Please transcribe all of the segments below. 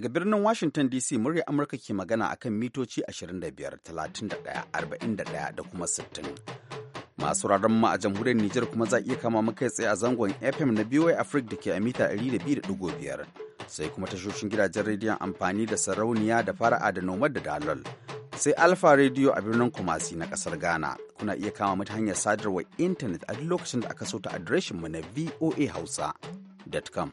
Daga birnin Washington DC murya Amurka ke magana akan mitoci 25, 31, 41 da kuma 60. Masu raron mu a jamhuriyar Nijar kuma za iya kama muka tsaye a zangon FM na BOA Africa da ke a mita 102.5. Sai kuma tashoshin gidajen rediyon amfani da sarauniya da fara'a da nomad da dalol. Sai Alfa Radio a birnin Kumasi na kasar Ghana. Kuna iya kama mata hanyar sadarwar intanet a duk lokacin da aka so ta adireshin mu na voahausa.com.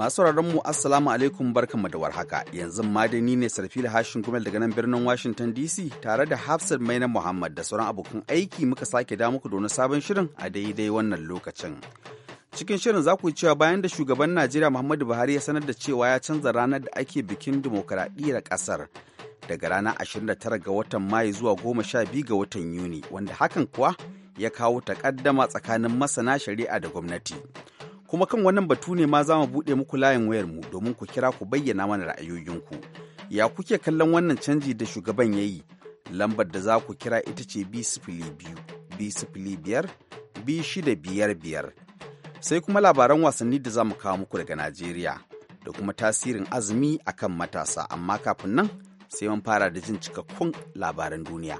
Masu mu Assalamu alaikum barkanmu da warhaka. Yanzu madani ne Sarfila Hashin Gumel daga nan birnin Washington DC tare da Hafsat Maina Muhammad da sauran abokan aiki muka sake da muku da sabon shirin a daidai wannan lokacin. Cikin shirin za ku yi cewa bayan da shugaban Najeriya Muhammadu Buhari ya sanar da cewa ya canza ranar da ake bikin dimokuraɗiyyar ƙasar daga ranar 29 ga watan Mayu zuwa 12 ga watan Yuni, wanda hakan kuwa ya kawo takaddama tsakanin masana shari'a da gwamnati. kuma kan wannan batu ne ma za mu buɗe muku layin wayarmu domin ku kira ku bayyana mana ra'ayoyinku ya kuke kallon wannan canji da shugaban ya yi lambar da za ku kira ita ce b biyu b biyar b shida biyar biyar sai kuma labaran wasanni da za mu kawo muku daga najeriya da kuma tasirin azumi akan matasa amma kafin nan sai mun fara da jin cikakkun labaran duniya.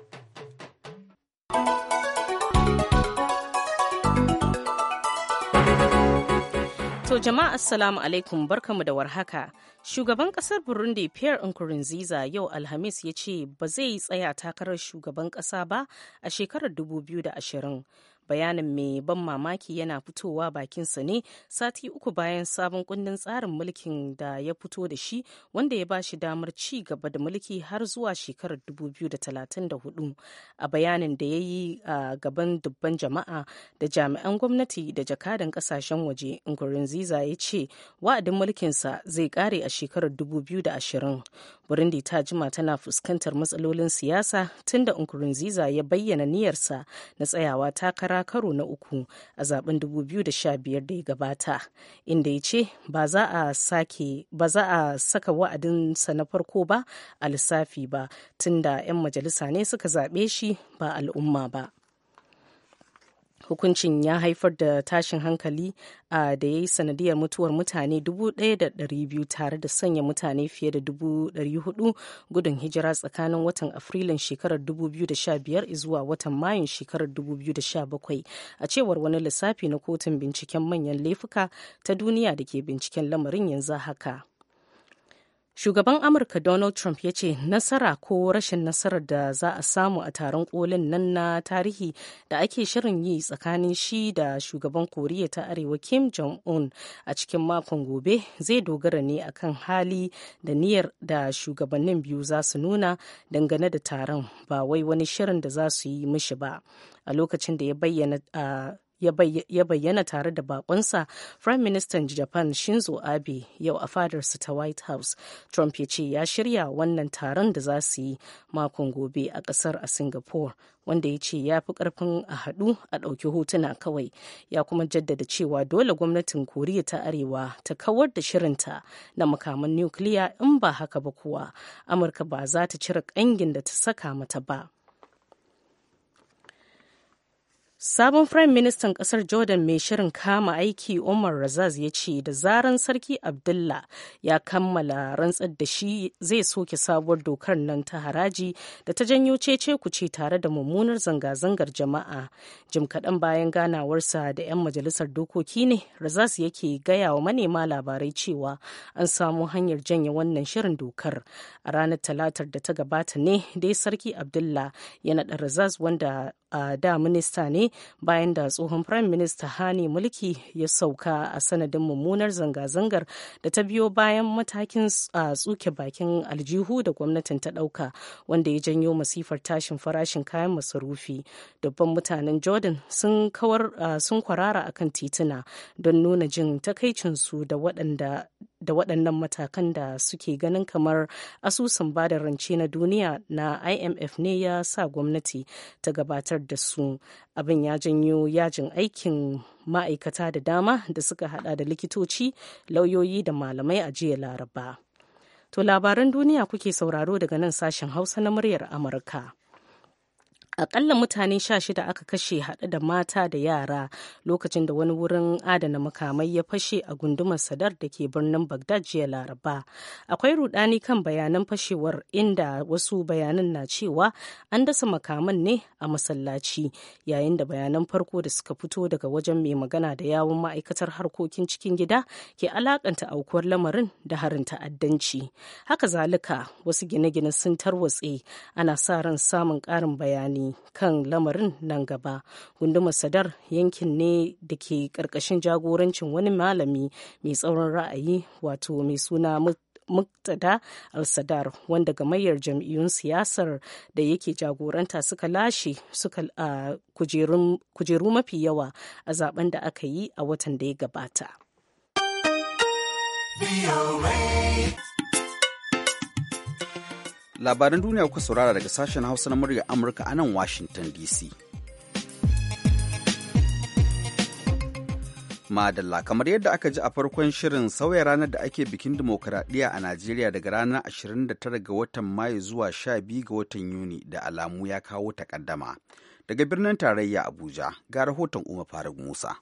To jama'a assalamu alaikum barkamu da warhaka. Shugaban kasar Burundi Pierre Nkurunziza yau Alhamis ya ce ba zai tsaya takarar shugaban kasa ba a shekarar 2020. bayanin mai ban mamaki yana fitowa bakinsa ne sati uku bayan sabon kundin tsarin mulkin da ya fito da shi wanda ya ba shi damar ci gaba da mulki har zuwa shekarar 2034 a bayanin da ya yi a gaban dubban jama'a da jami'an gwamnati da jakadan kasashen waje nkurunziza ya ce wa'adin mulkinsa zai kare a shekarar 2020 burundi ta jima tana fuskantar matsalolin siyasa tunda da nkurunziza ya bayyana niyyarsa na tsayawa takara karo na uku a zaben 2015 da ya gabata inda ya ce ba za a za saka wa'adinsa na farko ba a lissafi ba tunda 'yan majalisa ne suka zaɓe shi ba al'umma ba hukuncin ya haifar da tashin hankali a da ya yi sanadiyar mutuwar mutane 1,200 tare da sanya mutane fiye da 400 gudun hijira tsakanin watan afrilun shekarar 2015 zuwa watan mayun shekarar 2017 a cewar wani lissafi na kotun binciken manyan laifuka ta duniya da ke binciken lamarin yanzu haka. shugaban amurka donald trump ya ce nasara ko rashin nasarar da za a samu a taron kolin nan na tarihi da ake shirin yi tsakanin shi da shugaban koriya ta arewa kim jong-un a cikin makon gobe zai dogara ne akan hali da niyyar da shugabannin biyu za su nuna dangane da taron ba wai wani shirin da za su yi mishi ba a lokacin da ya bayyana ya bayyana tare da bakonsa prime minister japan shinzo abe yau a fadarsa ta white house trump ya ce ya shirya wannan taron da za su yi makon gobe a kasar a singapore wanda ya ce ya fi karfin a hadu a ɗauki hotuna kawai ya kuma jaddada cewa dole gwamnatin koriya ta arewa ta kawar da shirinta na makaman nukiliya in ba haka ba kuwa amurka ba za ta cire kangin da ta saka mata ba. Sabon Firayim Ministan ƙasar Jordan mai shirin kama aiki Umar Razaz ya ce da zaran Sarki Abdullah ya kammala rantsar da shi zai soke sabuwar dokar nan ta haraji da ta janyo cece kuce tare da mummunar zanga-zangar jama'a. Jim kaɗan bayan ganawarsa da 'yan majalisar dokoki ne, Razaz yake gaya wa manema labarai cewa an samu hanyar janye wannan shirin dokar. A ranar Talatar da ta gabata ne dai Sarki Abdullah ya naɗa Razaz wanda a da minista ne bayan da tsohon prime minister hani mulki ya sauka a sanadin mummunar zanga-zangar da ta biyo bayan matakin tsuke bakin aljihu da gwamnatin ta ɗauka wanda ya janyo masifar tashin farashin kayan masarufi dubban mutanen jordan sun kwarara akan tituna don nuna jin takaicinsu da waɗanda da waɗannan matakan da suke ganin kamar asusun bada rance na duniya na imf ne ya sa gwamnati ta gabatar da su abin ya janyo yajin aikin ma'aikata da dama da suka hada da likitoci lauyoyi da malamai a jiya laraba to labaran duniya kuke sauraro daga nan sashen hausa na muryar amurka akalla mutane sha shida aka kashe hada da mata da yara lokacin da wani wurin adana makamai ya fashe a gundumar sadar da ke birnin bagdad jiya laraba akwai rudani kan bayanan fashewar inda wasu bayanan na cewa an dasa makaman ne a masallaci yayin da bayanan farko da suka fito daga wajen mai magana da yawun ma'aikatar harkokin cikin gida ke alakanta aukuwar lamarin da harin ta'addanci haka zalika wasu gine-gine sun tarwatse ana sa ran samun ƙarin bayani kan lamarin nan gaba gundumar sadar yankin ne da ke karkashin jagorancin wani malami mai tsaurin ra'ayi wato mai suna muktada al-sadar wanda gamayyar jam'iyyun siyasar da yake jagoranta suka lashe suka kujeru mafi yawa a zaben da aka yi a watan da ya gabata. labaran duniya kuka saurara daga sashen hausa na murya amurka a nan washington dc madalla kamar yadda aka ji a farkon shirin sauya ranar da ake bikin dimokuraɗiyya a najeriya daga ranar 29 ga watan mayu zuwa 12 ga watan yuni da alamu ya kawo takaddama daga birnin tarayya abuja ga rahoton umar faruk musa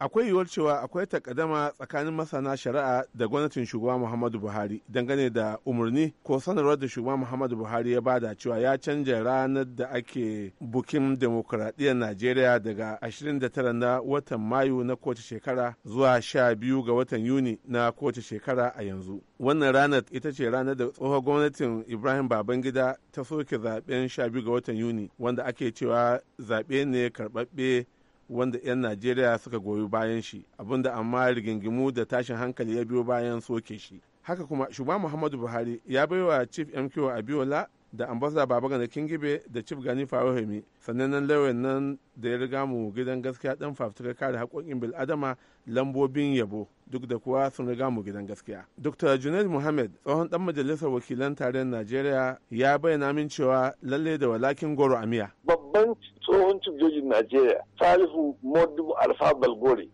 akwai yiwuwar cewa akwai takaddama tsakanin masana shari'a da gwamnatin shugaba muhammadu buhari dangane da umarni ko sanarwar da shugaba muhammadu buhari ya bada cewa ya canja ranar da ake bukin demokuraɗiyyar najeriya daga 29 na watan mayu na kowace shekara zuwa 12 ga watan yuni na kowace shekara a yanzu wannan ranar ita ce ranar da tsohon gwamnatin ibrahim babangida ta soke zaɓen 12 ga watan yuni wanda ake cewa zaɓe ne karɓaɓɓe wanda 'yan najeriya suka goyi bayan shi abinda amma rigingimu da tashin hankali ya biyo bayan soke shi haka kuma shugaban muhammadu buhari ya baiwa chief mq abiola da ambasada babagana kingibe da chief gani farohemi sannan nan lauyan nan da ya riga mu gidan gaskiya dan fafutukar kare haƙoƙin bil'adama lambobin yabo duk da kuwa sun riga mu gidan gaskiya. Dr. Junaid Muhammad tsohon dan majalisar wakilan tarayyar Najeriya ya bayyana min cewa lalle da walakin goro a miya. Babban tsohon jojin Najeriya Salihu Modibo Alfa Balgore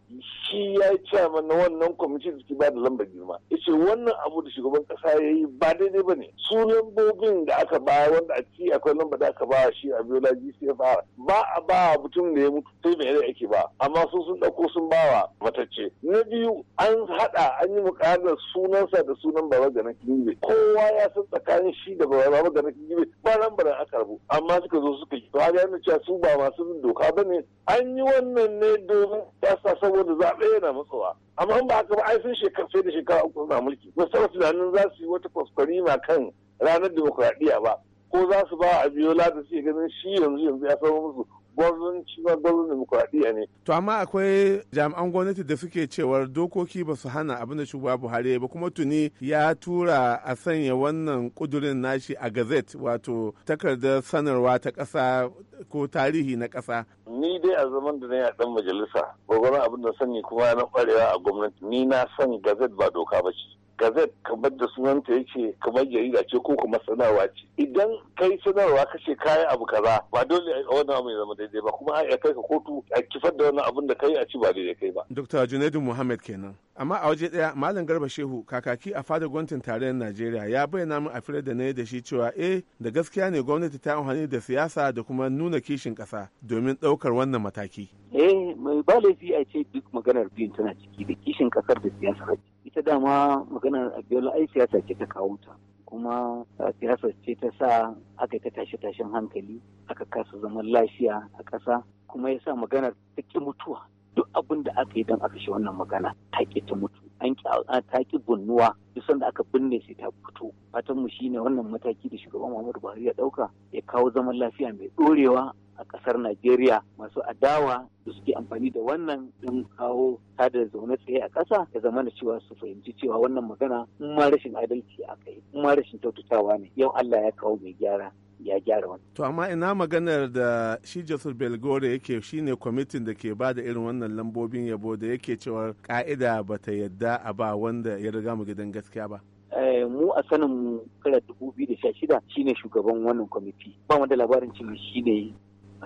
shi ya yi na wannan kwamitin da ke ba da lambar girma. ce wannan abu da shugaban kasa ya yi ba daidai ba ne. Su lambobin da aka ba wanda a ci akwai lamba da aka ba shi a Biola GCFR ba a ba mutum da ya mutu sai mai ake ba amma su sun ɗauko sun ba wa ce na biyu an haɗa an yi mukarar sunansa da sunan baba gana kingibe kowa ya san tsakanin shi da baba gana kingibe ba nan ba aka rabu amma suka zo suka yi ba yana cewa su ba masu doka ba ne an yi wannan ne domin tasa saboda zaɓe yana matsowa amma ba haka ba ai sun shekaru sai da shekara uku suna mulki ba saba tunanin za su yi wata kwaskwarima kan ranar demokuraɗiyya ba ko za su ba a biyo lada ganin shi yanzu yanzu ya samu musu gwamnati ba gwamnati demokuraɗiyya ne. To amma akwai jami'an gwamnati da suke cewar dokoki ba su hana abin da shugaba Buhari ba kuma tuni ya tura a sanya wannan kudurin nashi a gazet wato takardar sanarwa ta ƙasa ko tarihi na ƙasa. Ni dai a zaman da na yi a ɗan majalisa, gwagwaron abin da sani kuma na ƙwarewa a gwamnati, ni na san gazet ba doka ba ce. Gazet kamar sunanta yake kamar jarida ce ko kuma sanarwa ce idan kai sanarwa ka ce kayi abu kaza ba dole a wani abu ya zama daidai ba kuma a kai ka kotu a kifar da wani abun da kai a ci ba daidai kai ba dr junaidu muhammad kenan amma a waje daya malam garba shehu kakaki a fadar gwamnatin tarayyar najeriya ya bayyana min a fira da na yi da shi cewa eh da gaskiya ne gwamnati ta amfani da siyasa da kuma nuna kishin kasa domin ɗaukar wannan mataki eh mai ba laifi a ce duk maganar biyun tana ciki da kishin kasar da siyasa ita dama maganar abiola ai siyasa ce ta kawo ta kuma siyasa ce ta sa aka ta tashe tashen hankali aka kasa zaman lafiya a ƙasa kuma ya sa maganar ta ki mutuwa duk abin da aka yi don aka shi wannan magana ta ki ta mutu an ki ta ki gunnuwa duk sanda aka binne sai ta fito fatan mu shine wannan mataki da shugaban Muhammadu Buhari ya ɗauka ya kawo zaman lafiya mai ɗorewa. a kasar Najeriya masu adawa da suke amfani da wannan don kawo tada zaune tsaye a ƙasa ya zama da cewa su fahimci cewa wannan magana in ma rashin adalci a kai in ma rashin tautatawa ne yau Allah ya kawo mai gyara ya gyara wani. To amma ina maganar da shi Joseph Belgore yake shine kwamitin da ke bada irin wannan lambobin yabo da yake cewa ka'ida bata yadda a ba wanda ya riga mu gidan gaskiya ba. Eh, mu a sanin mu kara 2016 shine shugaban wannan kwamiti ba mu da labarin cewa shine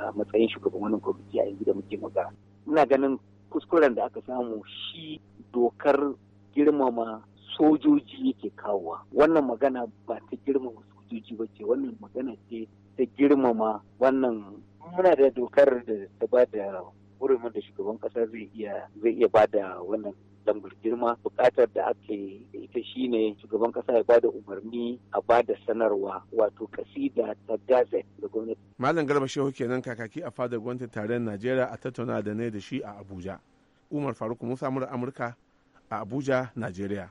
a matsayin shugaban wannan kwamiti a yanzu da muke magana ina ganin kuskuren da aka samu shi dokar girmama sojoji yake kawowa wannan magana ba ta girmama sojoji ba ce wannan magana ce ta girmama wannan muna da dokar da ta ba da hurumin da shugaban kasa zai iya zai iya bada wannan lambar girma bukatar da ake da ita shine shugaban kasa ya bada umarni a bada sanarwa wato kasida ta gazet da gwamnati malam garba shehu kenan kakaki a fadar gwamnati tarayyar najeriya a tattauna da ne da shi a abuja umar faruk musa mura amurka a abuja najeriya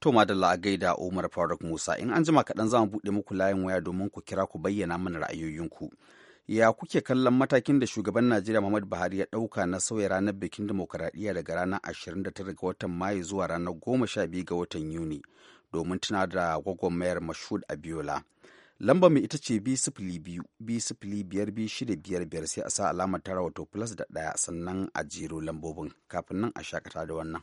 To madalla a gaida Umar Faruk Musa in an jima kaɗan za mu buɗe muku layin waya domin ku kira ku bayyana mana ra'ayoyinku. ya kuke kallon matakin da shugaban najeriya muhammadu buhari ya ɗauka na sauya ranar bikin demokuraɗiyya daga ranar 29 ga watan mayu zuwa ranar 12 ga watan yuni domin tuna da mayar mashud abiola lamba mai ita ce b biyar sai a sa alamar tara wato plus da ɗaya sannan a jero lambobin kafin nan a shakata da wannan.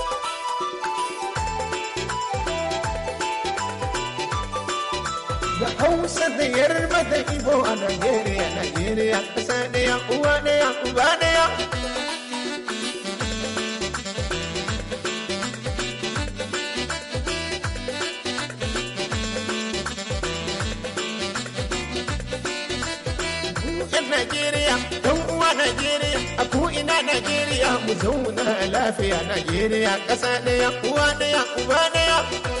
Hausa da Yarba da Ibo a Najeriya, nigeria ƙasa ɗaya, uwa ɗaya, uba ɗaya. Nigeria, uwa Najeriya, a ko'ina Najeriya, mu zauna lafiya Najeriya, ƙasa ɗaya, uwa ɗaya, uba ɗaya.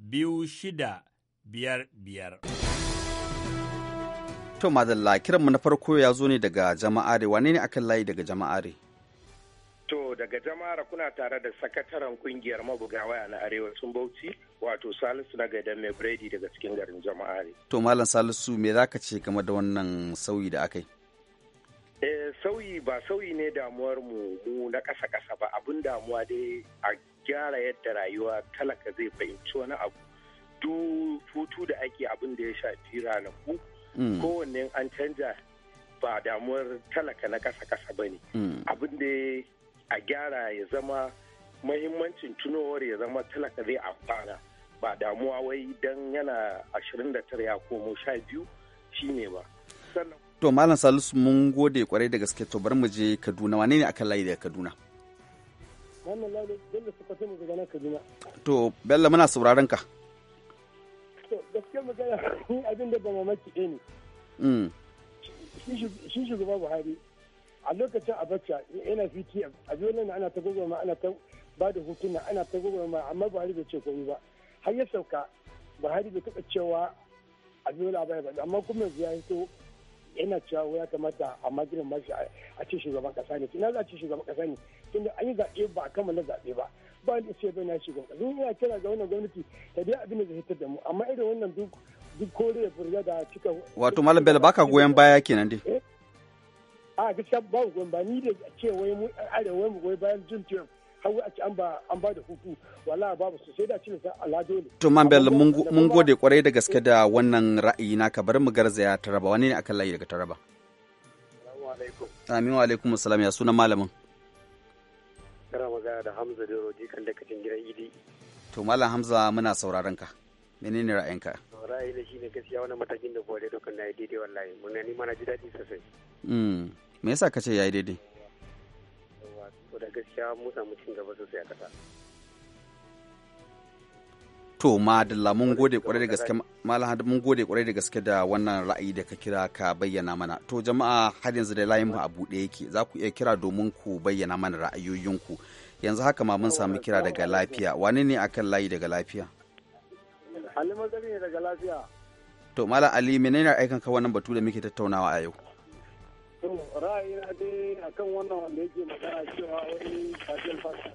biyu shida biyar biyar. To madalla kiranmu na farko ya zo ne daga jama'are wane ne akan layi daga jama'are? To daga jama'are kuna tare da sakataren kungiyar mabuga waya na arewacin Bauchi wato Salisu na gaidan mai biredi daga cikin garin jama'are. To malam Salisu me za ka ce game da wannan sauyi da aka yi? Eh, sauyi ba sauyi ne damuwar mu mu na ƙasa ƙasa ba abin damuwa dai a gyara yadda rayuwa talaka zai fahimci wani abu duk hutu da ake abin da ya shafi ranaku mm. kowanne an canja ba damuwar talaka na kasa-kasa ba ne mm. abin da a gyara ya zama mahimmancin tunowar ya zama talaka zai amfana ba damuwa wai don yana 29 ya komo 12 ne ba to malam salisu mun gode kwarai da gaske to bar mu je kaduna wane ne akan layi daga kaduna Wannan lalo Bello su kwatin daga nan Kaduna. To Bello muna sauraron ka. To gaskiyar magana ni abin da ba mamaki ɗaya ne. Mm. Shi shugaba Buhari a lokacin Abacha yana fiti a zuwa nan ana ta gogoma ana ta ba da hutuna ana ta gogoma amma Buhari bai ce komai ba. Har ya sauka Buhari bai taɓa cewa a zuwa labai ba amma kuma ya fito yana cewa ya kamata a magirin mashi a ce shugaban kasa ne tunan za a ce shugaban kasa ne tun da an yi zaɓe ba a kama na zaɓe ba ba wanda ce bai na shugaban kasa yana kira ga wannan gwamnati ta biya abin da zai hitar da mu amma irin wannan duk duk kore furga da cika wato malam bello baka goyon baya kenan dai eh? a gaskiya ba goyon ba ni da cewa wai mu arewa mu goyon bayan jin har a ci an ba an ba da hutu wallahi babu su sai da cin sa alado ne to man bel mun gode kwarai da gaske da wannan ra'ayi naka bari mu garzaya taraba wani ne akan layi daga taraba assalamu alaikum assalamu ya sunan malamin kana magana da Hamza da Rodi kan dakacin gidan Idi to malam Hamza muna sauraron ka menene ra'ayinka ra'ayi da shine gaskiya wannan matakin da kore dokan na yi daidai wallahi mun ni mana ji dadi sosai mm me yasa kace yayi daidai saboda gaskiya mu samu cin gaba sosai a ƙasa. To Madalla mun gode kwarai da gaske Malam mun gode kwarai da gaske da wannan ra'ayi da ka kira ka bayyana mana. To jama'a har yanzu da layin mu a buɗe yake za ku iya kira domin ku bayyana mana ra'ayoyinku. Yanzu haka ma mun samu kira daga lafiya. wani ne akan layi daga lafiya? Ali ne daga lafiya. To Malam Ali menene aikan ka wannan batu da muke tattaunawa a yau? to ra'ayina dai wannan wanda yake magana cewa wani kafin fasa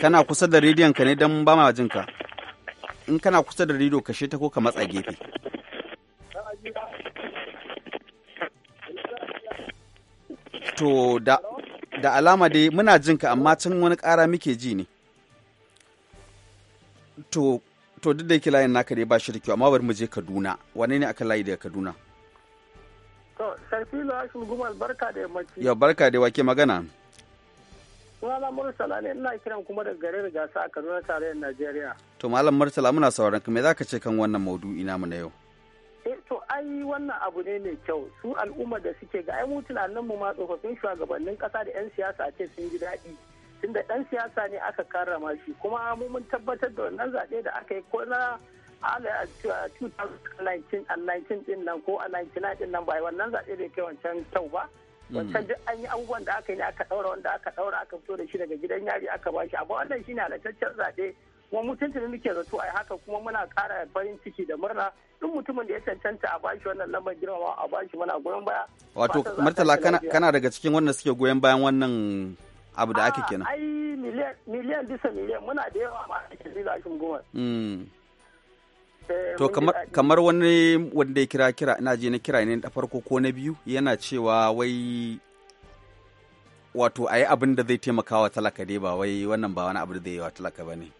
kana kusa da rediyon ka ne don ba ma jin ka in kana kusa da rediyo kashe ta ko ka matsa gefe to da da alama dai muna jin ka amma can wani ƙara muke ji ne to to duk da yake layin naka dai ba shi da kyau amma bari mu je Kaduna wane ne aka layi daga Kaduna To, Sarfilo Gumal barka da yammaci. Yau barka da wake magana. Sunana Murtala ne ina kiran kuma daga garin Gasa a Kaduna tarayyar Najeriya. To, Malam Murtala muna sauran ka me za ka ce kan wannan maudu'i namu na yau? Eh, to, ai wannan abu ne mai kyau. Su al'umma da suke ga ai mu mu ma tsofaffin shugabannin kasa da 'yan siyasa ce sun ji daɗi. Tunda 'yan siyasa ne aka karrama shi kuma mu mun tabbatar da wannan zaɓe da aka yi ko na 2019 din nan ko a 99 din nan ba wannan zaɓe bai kai wancan kyau ba mm. wancan duk an yi abubuwan da aka yi aka ɗaura wanda aka ɗaura aka fito da shi daga gidan yari aka ba shi amma wannan shine halattaccen zaɓe kuma mutunci da muke zato a haka kuma muna kara farin ciki da murna duk mutumin da ya cancanta a bashi wannan lambar girmama a bashi muna goyon baya wato martala kana daga cikin wanda suke goyon bayan wannan abu da ake ah, kenan ai miliyan bisa miliyan muna da yawa ma a cikin goma mm. To kamar wani wanda ya kira kira ina je na kira ne da farko ko na biyu yana cewa wai wato a abin da zai taimaka wa talaka dai ba wai wannan ba wani abu da zai yi wa talaka ba ne.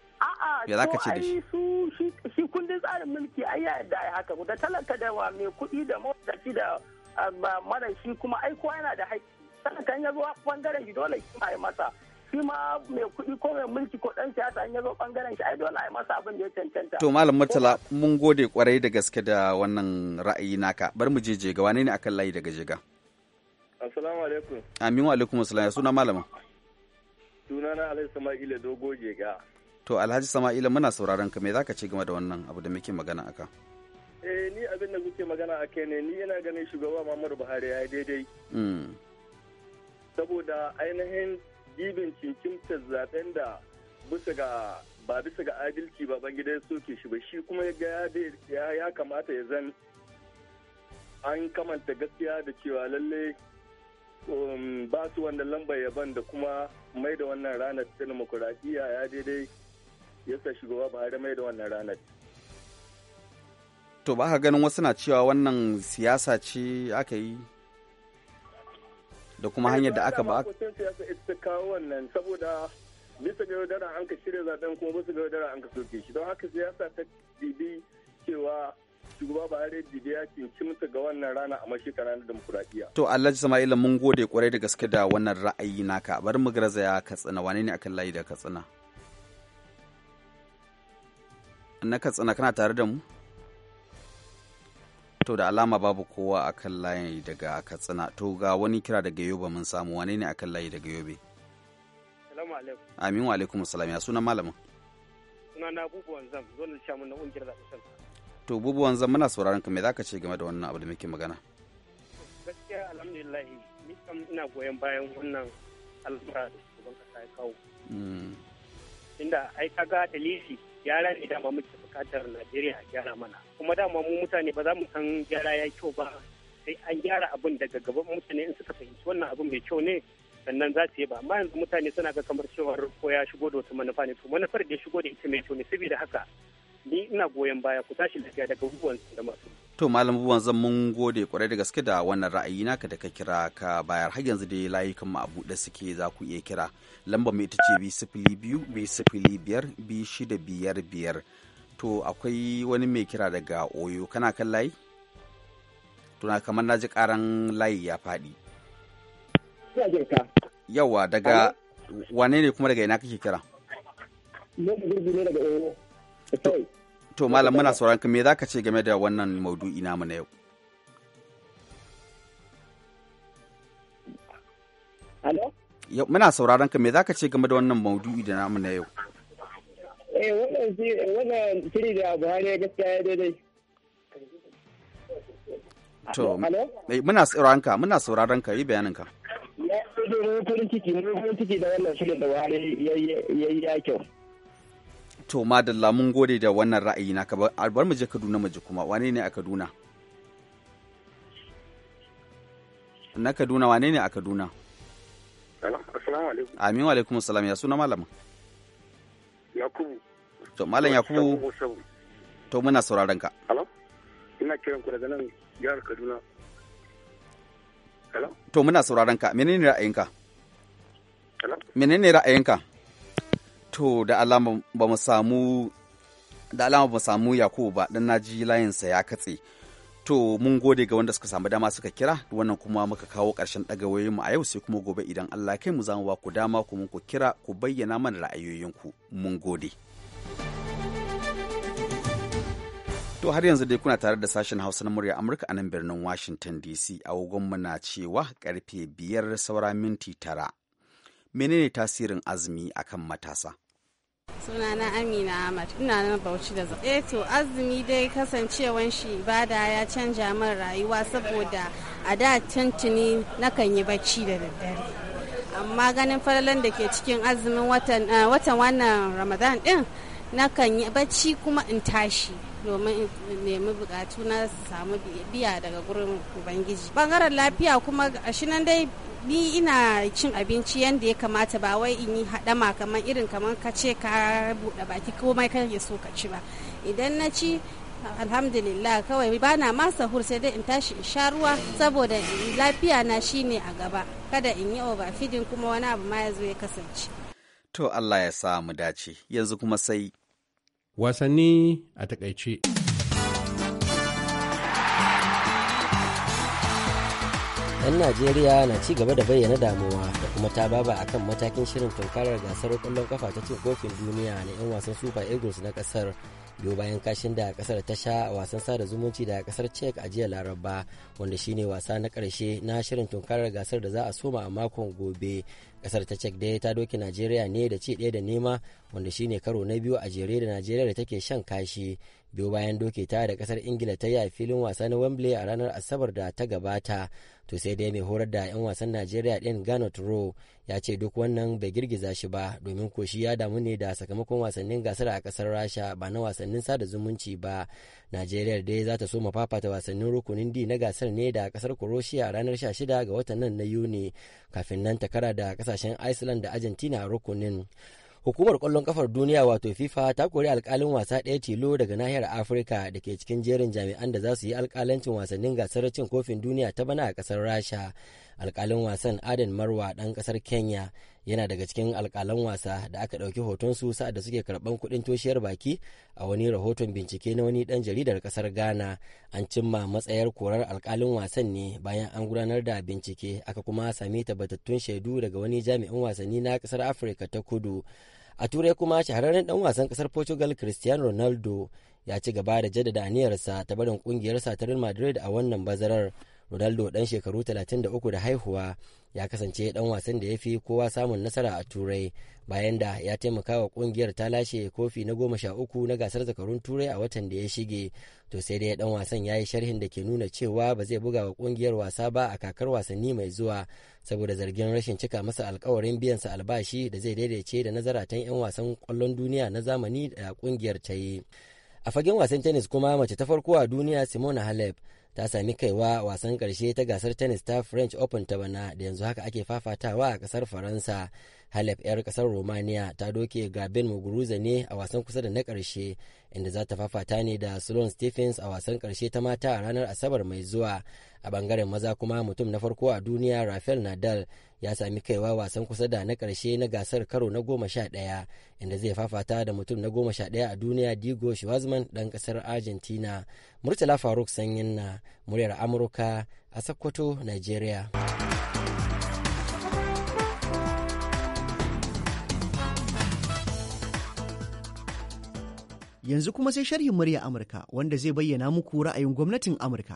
Ya za ka ce da shi? Shi kundin tsarin mulki ai ya da ai haka da talaka da wa mai kuɗi da mawadaci da ah, mara shi kuma ai kowa yana da haƙƙi. Talakan ya zo bangaren shi dole shi ma masa. shi ma mai kuɗi ko mai mulki ko ɗan siyasa an yazo bangaren shi ai dole a yi masa abin da ya cancanta. To Malam Murtala mun gode kwarai da gaske da wannan ra'ayi naka bar mu je jega wane ne akan layi daga jega. Assalamu alaikum. Amin wa alaikum assalam suna malama. Sunana Alhaji Sama'ila Dogo Jega. To Alhaji Sama'ila muna sauraron ka me zaka ce game da wannan abu da muke magana aka? Eh ni abin da kuke magana a kai ne ni ina ganin shugaba Muhammadu Buhari ya daidai. Mm. Saboda ainihin jibin cincinta zaben da ba bisa ga adalci ba bangida ya soke shi ba shi kuma ya kamata ya zan an kamanta gaskiya da cewa lalle um, ba su wanda lambar yaban da kuma mai da wannan ranar ta demokuraɗiyya ya daidai ya yasa shugaba da mai da wannan ranar to ba ka ganin wasu na cewa wannan siyasa ce aka yi da kuma hanyar da aka ba eh, ita kawo wannan saboda bisa ga yaudara an ka shirya zaben kuma bisa ga yaudara an ka soke shi don haka siyasa ta dibi cewa shugaba Buhari dibi ya cinci mutu ga wannan rana a mashi ranar demokuraɗiyya. To Alhaji Sama'ila mun gode kwarai da gaske da wannan ra'ayi naka bari mu ya Katsina wane ne akan layi da Katsina? Na Katsina kana tare da mu? To da alama babu kowa a kan layi daga Katsina. To ga wani kira daga Yobe mun samu wane ne a kan layi daga Yobe? Salamu alaikum. Amin wa alaikum salam. Ya sunan malamin? Sunan na bubuwan zam, zonin shamun na ungiyar zaɓe sanda. To bubuwan zam muna sauraron ka me za ka ce game da wannan abu da muke magana? Gaskiya alhamdulillah ni kam ina goyon bayan wannan al'amura da shugaban kasa ya kawo. Hmm. inda ai kaga dalili gyara ne dama muke bukatar Najeriya a gyara mana kuma dama mu mutane ba za mu san gyara ya kyau ba sai an gyara abun daga gaban mutane in suka fahimci wannan abin mai kyau ne sannan za su yi ba amma yanzu mutane suna ga kamar cewa ko ya shigo da wata manufa ne to manufar da ya shigo da ita mai kyau ne saboda haka ni ina goyon baya ku tashi lafiya daga abubuwan da masu to malam buwan zan mun gode kwarai da gaske da wannan ra'ayi naka da ka kira ka bayar har yanzu dai layukan mu a buɗe suke za ku iya kira lamba mai ita ce sifili biyu sifili biyar bi shida biyar biyar to akwai wani mai kira daga oyo kana kan layi tuna kamar na ji karan layi ya faɗi yawa daga wane ne kuma daga ina kake kira daga oyo to malam muna sauran ka me za ka ce game da wannan maudu'i namu na yau Yau muna sauraron ka me za ka ce game da wannan maudu'i da namu na yau eh wannan shiri da buhari gaskiya daidai to muna sauraron ka muna sauraron ka yi bayanin ka ya farin da wannan shirin da buhari ya yi kyau To madalla mun gode da wannan ra'ayi na ka bar mu je Kaduna mu je kuma wane ne a Kaduna? Na Kaduna wane ne a Kaduna? Assalamu alaikum. Amin wa alaikum salam ya suna malama. Yakubu. To malam Yakubu. To muna sauraron ka. Hello. Ina kiran ku daga nan jihar Kaduna. Hello. To muna sauraron ka menene ra'ayinka? Hello. Menene ra'ayinka? to da alama ba mu samu da alama ba samu yakubu ba dan naji layinsa ya katse to mun gode ga wanda suka samu dama suka kira wannan kuma muka kawo ƙarshen mu a yau sai kuma gobe idan allah kai mu za mu ba ku dama ku mun ku kira ku bayyana mana ra'ayoyinku mun gode To har yanzu dai kuna tare da sashen Hausa na murya Amurka a nan birnin Washington DC agogonmu muna cewa karfe biyar saura minti tara. Menene tasirin azumi akan matasa? sunana amina ahmad ina nan bauchi da zama eh to azumi dai kasancewan shi ibada ya canja min rayuwa saboda a da tuntuni nakan yi bacci da daddare amma ganin falalan da ke cikin azumin watan eh, wannan ramadan din nakan yi bacci kuma in tashi domin nemi bukatu na su samu biya daga gurin ubangiji bangaren lafiya kuma shi nan dai ni ina cin abinci yadda ya kamata ba wai in yi haɗama kamar irin kamar ka ce ka buɗe baki komai ka ya so ka ci ba idan na ci alhamdulillah kawai ba na ma sahur sai dai in tashi in sha ruwa saboda lafiya na shine a gaba kada in yi fidin kuma wani abu ma ya zo ya kasance to Allah ya sa mu dace yanzu kuma sai wasanni a takaice 'yan najeriya na ci gaba da bayyana damuwa da kuma ta baba akan matakin shirin tunkarar gasar kwallon kafa ta cin kofin duniya na 'yan wasan super eagles na kasar biyo bayan kashin da kasar ta sha a wasan sada zumunci da kasar czech a jiya laraba wanda shine wasa na karshe na shirin tunkarar gasar da za a soma a makon gobe kasar ta czech dai ta doki najeriya ne da ci daya da nema wanda shine karo na biyu a jere da najeriya da take shan kashi biyu bayan doke ta da kasar ingila ta yi a filin wasa na wembley a ranar asabar da ta gabata to sai dai mai horar da 'yan wasan najeriya din gano turo ya ce duk wannan bai girgiza shi ba domin ko shi ya damu ne da sakamakon wasannin gasar a kasar rasha ba na wasannin sada zumunci ba najeriya dai za ta so mafafata wasannin rukunin di na gasar ne da kasar croatia a ranar 16 ga watan nan na yuni kafin nan ta kara da kasashen iceland da argentina a rukunin hukumar kwallon kafar duniya wato fifa ta kori alkalin wasa ɗaya tilo daga nahiyar afirka da ke cikin jerin jami'an da za su yi alkalancin wasannin gasar cin kofin duniya ta bana a ƙasar rasha alkalin wasan adan marwa ɗan ƙasar kenya yana daga cikin alkalan wasa da aka ɗauki hoton su sa'ad da suke karɓan kuɗin toshiyar baki a wani rahoton bincike na wani ɗan jaridar ƙasar ghana an cimma matsayar korar alkalin wasan ne bayan an gudanar da bincike aka kuma sami tabbatattun shaidu daga wani jami'in wasanni na ƙasar afirka ta kudu a turai kuma shahararren dan wasan kasar portugal cristiano ronaldo ya ci gaba da jaddada aniyarsa ta barin kungiyarsa ta real madrid a wannan bazarar Ronaldo dan shekaru 33 da haihuwa ya kasance dan wasan da ya fi kowa samun nasara a Turai bayan da ya taimaka wa kungiyar ta lashe kofi na goma sha uku na gasar zakarun Turai a watan da ya shige. To sai dai dan wasan ya yi sharhin da ke nuna cewa ba zai buga wa kungiyar wasa ba a kakar wasanni mai zuwa saboda zargin rashin cika masa alkawarin biyan sa albashi da zai daidaice da nazaratan 'yan wasan kwallon duniya na zamani da kungiyar ta yi. A fagen wasan tennis kuma mace ta farko a duniya Simona Halep ta sami kaiwa wasan karshe ta gasar tennis ta french open ta bana da yanzu haka ake fafatawa a kasar faransa halep 'yar kasar romania ta doke gabin muguruza ne a wasan kusa da na karshe inda za ta fafata ne da sloan stephens a wasan karshe ta mata a ranar asabar mai zuwa a bangaren maza kuma mutum na farko a duniya rafael nadal ya sami kaiwa wasan kusa da na karshe na gasar karo na goma sha ɗaya inda zai fafata da mutum na goma sha ɗaya a duniya digo shiwazman ɗan ƙasar argentina murtala faruk sanyin na muryar amurka a sokoto nigeria yanzu kuma sai sharhin murya amurka wanda zai bayyana muku ra'ayin gwamnatin amurka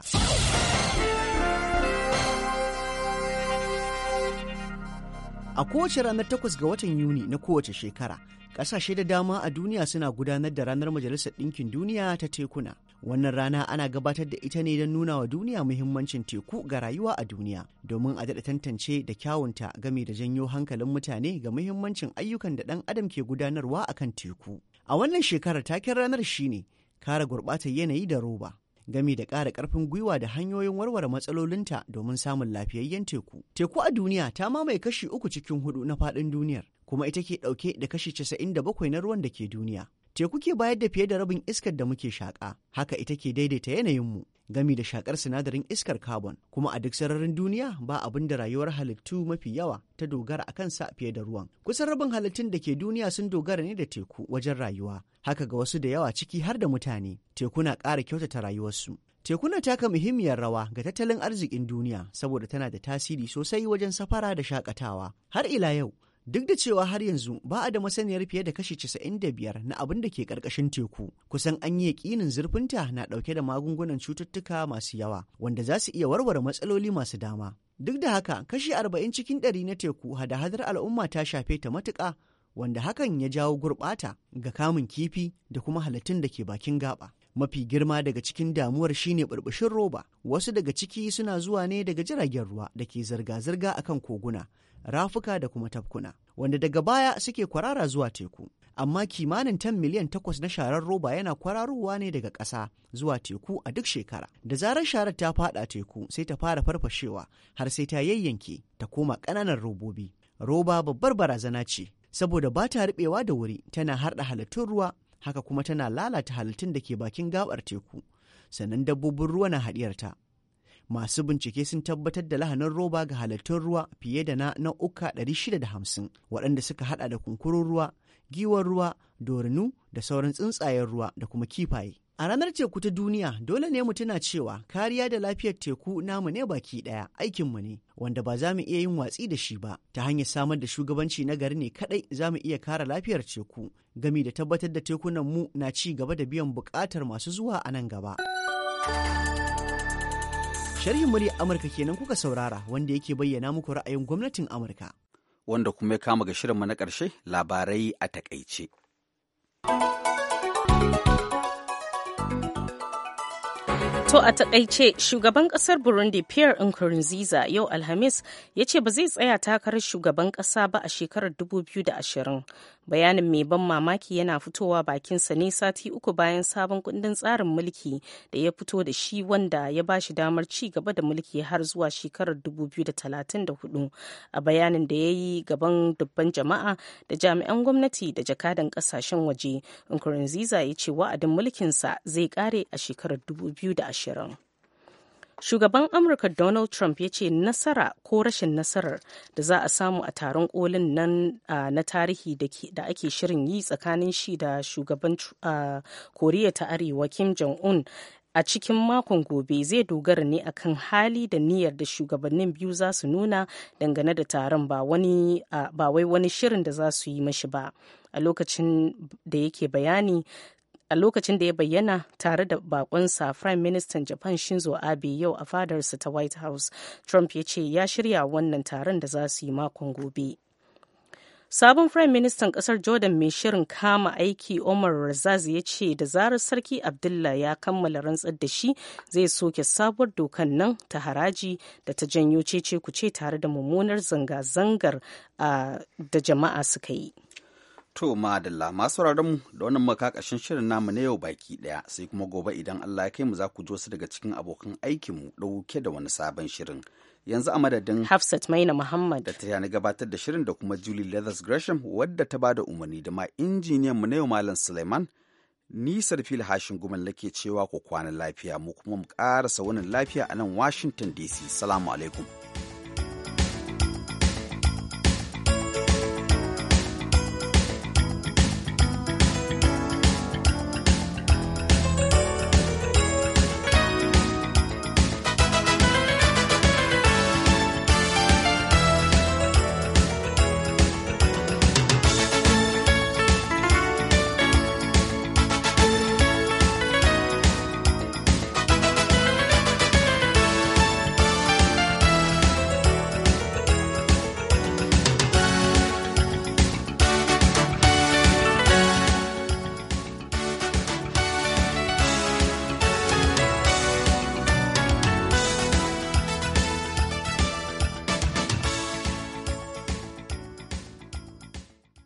A kowace ranar takwas ga watan Yuni na kowace shekara, ƙasashe da dama a duniya suna gudanar da ranar Majalisar Ɗinkin Duniya ta tekuna. Wannan rana ana gabatar da ita ne don nuna wa duniya muhimmancin teku ga rayuwa a duniya, domin a daɗa tantance da kyawunta game da janyo hankalin mutane ga muhimmancin ayyukan da ɗan adam ke gudanarwa akan teku. A wannan shekarar taken ranar shine kare gurɓatar yanayi da roba. gami da ƙara ƙarfin gwiwa da hanyoyin warware matsalolinta domin samun lafiyayyen teku. Teku a duniya ta mamaye kashi uku cikin hudu na faɗin duniyar, kuma ita ke ɗauke da kashi casa'in da bakwai na ruwan da ke duniya. Teku ke bayar da fiye da rabin iskar da muke shaƙa, haka ita ke daidaita yanayinmu. gami da shakar sinadarin iskar carbon kuma a duk sararin duniya ba abin da rayuwar halittu mafi yawa ta dogara a kansa fiye da ruwan kusan rabin halittun da ke duniya sun dogara ne da teku wajen rayuwa haka ga wasu da yawa ciki har da mutane teku na ƙara kyautata rayuwarsu tekuna taka muhimmiyar rawa ga tattalin arzikin duniya saboda tana da tasiri sosai wajen safara da shakatawa har ila yau Duk da cewa har yanzu ba a da masaniyar fiye da kashi 95 na abin da ke ƙarƙashin teku, kusan an yi yaƙinin zurfinta na ɗauke da magungunan cututtuka masu yawa, wanda za su iya warware matsaloli masu dama. Duk da haka, kashi 40 cikin 100 na teku hada-hadar al'umma ta shafe ta matuƙa, wanda hakan ya jawo gurɓata ga kamun kifi da kuma halittun da ke bakin gaɓa. mafi girma daga cikin damuwar shine burbushin roba wasu daga ciki suna zuwa ne daga jiragen ruwa da ke zirga-zirga akan koguna rafuka da kuma tafkuna wanda daga baya suke kwarara zuwa teku amma kimanin tan miliyan takwas na sharar roba yana kwararowa ne daga ƙasa zuwa teku a duk shekara da zarar sharar ta fada teku sai ta fara farfashewa har sai ta yayyanke ta koma ƙananan robobi roba babbar barazana ce saboda ba ta riɓewa da wuri tana harɗa halittun ruwa haka kuma tana lalata halittun da ke bakin gabar teku sannan dabbobin ruwa na haɗiyarta masu bincike sun tabbatar da lahanin roba ga halittun ruwa fiye da na nau'uka 650 waɗanda suka hada da kunkurun ruwa giwar ruwa dorinu da sauran tsuntsayen ruwa da kuma kifaye a ranar teku ta duniya dole ne mu tuna cewa kariya da lafiyar teku namu ne baki ɗaya aikinmu ne wanda ba za mu iya yin watsi da shi ba ta hanyar samar da shugabanci na gari ne kadai za mu iya kare lafiyar teku gami da tabbatar da tekunan mu na ci gaba da biyan bukatar masu zuwa a nan gaba. Sharhin murya Amurka kenan kuka saurara wanda yake bayyana muku ra'ayin gwamnatin Amurka. Wanda kuma ya kama ga shirinmu na ƙarshe labarai a takaice. To a takaice shugaban kasar Burundi Pierre Nkurunziza yau Alhamis ya ce ba zai tsaya takarar shugaban kasa ba a shekarar 2020 bayanin mai ban mamaki yana fitowa bakinsa ne sati uku bayan sabon kundin tsarin mulki da ya fito da shi wanda ya ba shi damar ci gaba da mulki har zuwa shekarar 2034 a bayanin da ya yi gaban dubban jama'a da jami'an gwamnati da jakadan kasashen waje nkurunziza ya ce wa'adin mulkinsa zai kare a shekarar 2020 Shugaban Amurka Donald Trump ya ce nasara ko rashin nasarar da za a samu a taron kolin nan na tarihi da ake shirin yi tsakanin shi da shugaban Koriya ta Arewa Kim Jong-un a cikin makon gobe zai dogara ne akan hali da niyyar da shugabannin biyu za su nuna dangane da taron ba wai wani shirin da za su yi mashi ba a lokacin da yake bayani a lokacin da ya bayyana tare da bakonsa prime minister japan shinzo abe yau a fadarsa ta white house trump ya ce ya shirya wannan taron da za su yi makon gobe sabon prime minister kasar jordan mai shirin kama aiki omar razaz ya ce da zarar sarki abdullah ya kammala rantsar da shi zai soke sabuwar dokan nan ta haraji da ta janyo cece kuce tare da mummunar zanga-zangar da jama'a suka yi To madalla masu mu da wannan makakashin shirin namu na yau baki daya sai kuma gobe idan Allah ya kai mu za ku ji wasu daga cikin abokan aikinmu ɗauke da wani sabon shirin. Yanzu a madadin Hafsat Maina Muhammad da ta yana gabatar da shirin da kuma Julie Leathers Gresham wadda ta bada umarni da ma injiniyan mu na yau Malam Suleiman ni Sarfil Hashin Gumal nake cewa ku kwana lafiya mu kuma mu ƙarasa wani lafiya a nan Washington DC. Salamu alaikum.